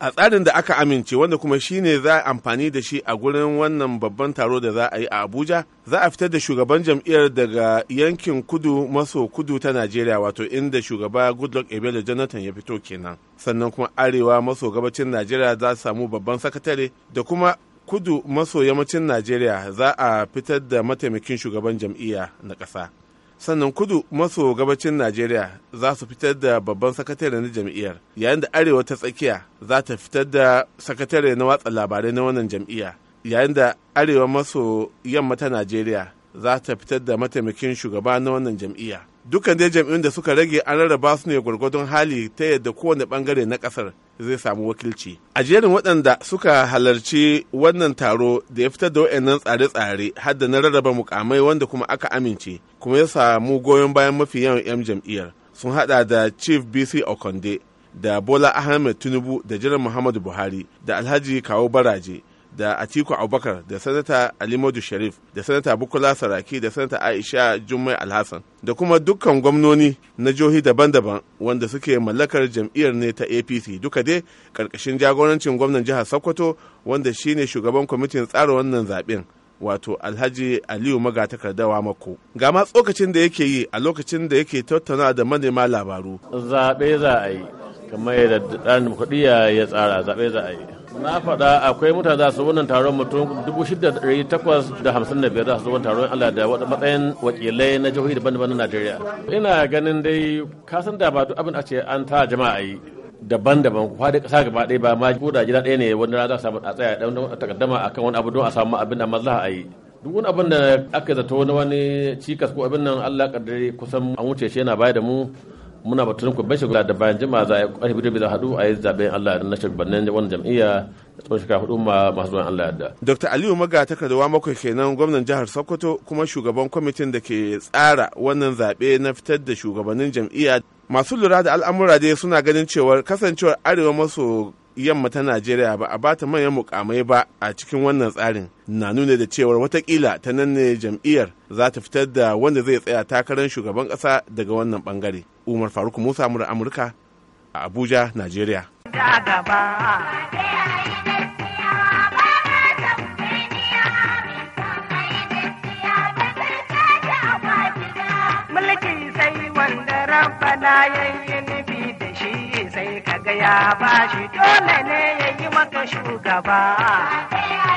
a tsarin da aka amince wanda kuma shi ne za a amfani da shi a gurin wannan babban taro da za a yi a abuja za a fitar da shugaban jam'iyyar daga yankin kudu maso kudu ta najeriya wato inda shugaba goodluck ebele jonathan ya fito kenan sannan kuma arewa maso gabacin najeriya za su samu babban sakatare da kuma kudu maso yammacin najeriya za a fitar da mataimakin shugaban jam'iyya na ƙasa sannan kudu maso gabacin najeriya za su fitar da babban sakatare na jam'iyyar yayin da arewa ta tsakiya za ta fitar da sakatare na watsa labarai na wannan jam'iyya yayin da arewa maso yamma ta najeriya za ta fitar da mataimakin shugaba na wannan jam'iyya dukkan dai jam'in da suka rage an rarraba su ne gwargwadon hali ta yadda kowane bangare na kasar zai samu wakilci a jerin waɗanda suka halarci wannan taro da ya fitar da wa'annan tsare-tsare har da na rarraba mukamai wanda kuma aka amince kuma ya samu goyon bayan mafi yawan 'yan jam'iyyar sun hada da chief bc okonde da bola ahmed tinubu da jiran muhammadu buhari da alhaji kawo baraje da Atiku Abubakar da Sanata Alimadu Sharif da Sanata Bukola Saraki da Sanata Aisha Jummai Alhassan da kuma dukkan gwamnoni na johi daban-daban wanda suke mallakar jam'iyyar ne ta APC duka dai karkashin jagorancin gwamnan jihar Sokoto wanda shine shugaban kwamitin tsara wannan zaben wato Alhaji Aliyu Magatakarda Mako. Ga ma tsokacin da yake yi a lokacin da yake tattauna da manema labaru. Zaɓe za a yi. kamar yadda tsarin demokuraɗiyya ya tsara zaɓe za a yi na faɗa akwai mutane za su wannan taron mutum dubu shida da ɗari takwas da hamsin da biyar za su wannan taron Allah da matsayin wakilai na jihohi daban-daban na Najeriya ina ganin dai kasan da ba abin a ce an ta jama'a yi daban-daban ku faɗi ƙasa gaba ɗaya ba ma ko da gida ɗaya ne wani rana za su samu a tsaya ɗan takaddama kan wani abu don a samu abin da za a yi duk wani abin da aka zato wani cikas ko abin nan Allah kaddare kusan an wuce shi yana bayar da mu muna batun ku bashi gula da bayan jima za a yi ƙarfi bidiyo da haɗu a yi zaɓen Allah na shugabannin wani jam'iyya da tsohon shekara hudu ma masu zuwan Allah yadda. Dr. Aliyu Maga takardawa makwai kenan gwamnan jihar Sokoto kuma shugaban kwamitin da ke tsara wannan zaɓe na fitar da shugabannin jam'iyya masu lura da al'amura dai suna ganin cewar kasancewar arewa maso yamma ta najeriya ba a bata manyan mukamai ba a cikin wannan tsarin na nuna da cewar watakila ta nan ne jam'iyyar za ta fitar da wanda zai tsaya takarar shugaban ƙasa daga wannan bangare umar faruk musa mura amurka a abuja najeriya mulki sai wanda na talaka ba shi dole ne ya yi maka shugaba.